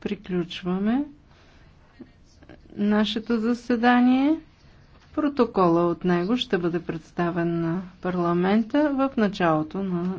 приключваме нашето заседание. Протокола от него ще бъде представен на парламента в началото на